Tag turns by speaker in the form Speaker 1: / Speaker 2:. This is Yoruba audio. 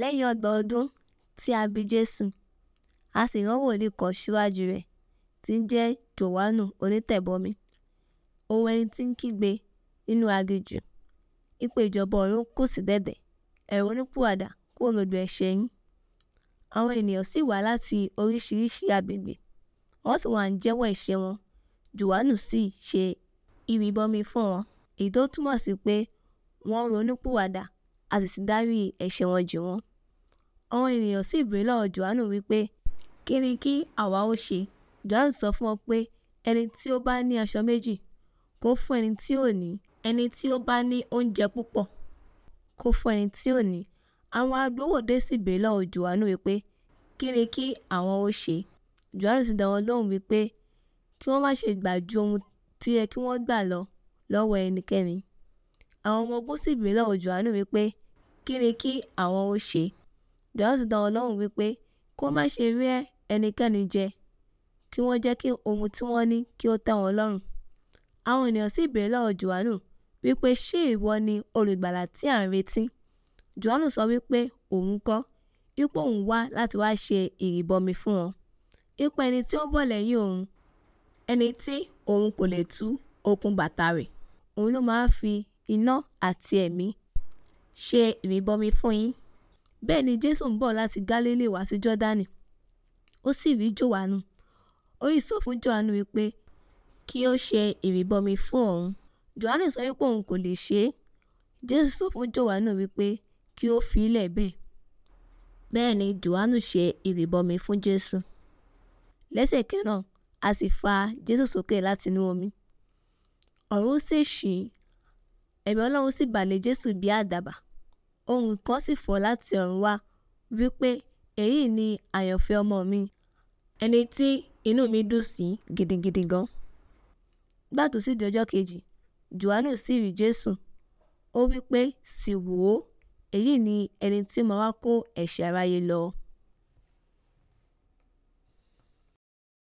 Speaker 1: lẹ́yìn ọgbọ̀n ọdún tí a bí Jésù, a sì rán wòlíì kan síwájú rẹ̀ tí í jẹ́ Jòhánù Onítẹ̀bọmi, òun ẹni tí ń kígbe nínú aginjù wípé ìjọba ọ̀run kù sí dẹ̀dẹ̀, ẹ ronúpìwàdà kúrò lójú ẹ̀ṣẹ̀ yín. Àwọn ènìyàn sì wá láti oríṣiríṣi agbègbè, wọ́n sì wá ń jẹ́wọ́ ẹ̀ṣẹ̀ wọn, Jòhánù sì ṣe ìrìbọmi fún wọn, èyí tó túmọ̀ sí pé wọ́n ronúpìwàdà a sì ti dárí ẹ̀ṣẹ̀ wọn jì wọ́n. Àwọn ènìyàn sì béèrè lọ́wọ́ Jòhánù wípé, Kí ni kí àwa ó ṣe? Jòhánù sọ fún wọn pé, Ẹni tí ó bá ní aṣọ méjì, kó fún ẹni tí ò ní. Ẹni tí ó bá ní oúnjẹ púpọ̀, kó fún ẹni tí ò ní. Àwọn agbowódé sì béèrè lọ́wọ́ Jòhánù wípé, Kí ni kí àwọn ó ṣe? Jòhánù sì dá wọn lóhùn wípé, Kí wọ́n má ṣe gbà ohun tí yẹ kí wọ́n gbà lọ lọ́wọ́ ẹnikẹ́ni. Àwọn ọmọ ogun sì béèrè lọ́wọ́ Jòhánù wípé kín ni kí àwọn ó ṣe? Jòhánù sì dá wọn lóhùn wípé kí wọ́n má ṣe rẹ́ ẹnikẹ́ni jẹ, kí wọ́n jẹ́ kí ohun tí wọ́n ní kí ó tẹ́ wọn lọ́rùn. Àwọn ènìyàn sì béèrè lọ́wọ́ Jòhánù wípé ṣé ìwọ ni olùgbàlà tí à ń retí? Jòhánù sọ wípé òun kọ́, wípé òun wá láti wá ṣe ìrìbọmi fún wọn, wípé ẹni tí ó bọ̀ lẹ́yìn òun, ẹni tí òun kò lè tú okùn bàtà rẹ̀, òun ló máa fi iná àti ẹ̀mí ṣe ìrìbọmi fún yín bẹ́ẹ̀ ni Jésù ń bọ̀ láti Gálílì wá sí Jọ́dánì ó sì rí Jòhánù ó sì sọ fún Jòhánù wípé kí ó ṣe ìrìbọmi fún òun Jòhánù sọ wípé òun kò lè ṣe é Jésù sọ fún Jòhánù wípé kí ó fi í bẹ́ẹ̀ bẹ́ẹ̀ ni Jòhánù ṣe ìrìbọmi fún Jésù lẹ́sẹ̀kẹ́ náà a sì fa Jésù sókè látinú omi ọ̀run sì ṣí ẹ̀mí ọlọ́run sì bà lé jésù bí àdàbà ohùn kan sì fọ̀ láti ọ̀run wá wípé èyí ni àyànfẹ́ ọmọ mi ẹni tí inú mi dùn sí gidigidi gan. gbà tó sì di ọjọ́ kejì johannu sì rí jésù ó wípé sì wò ó èyí ni ẹni tí ó máa wá kó ẹ̀ṣẹ̀ aráyé lọ.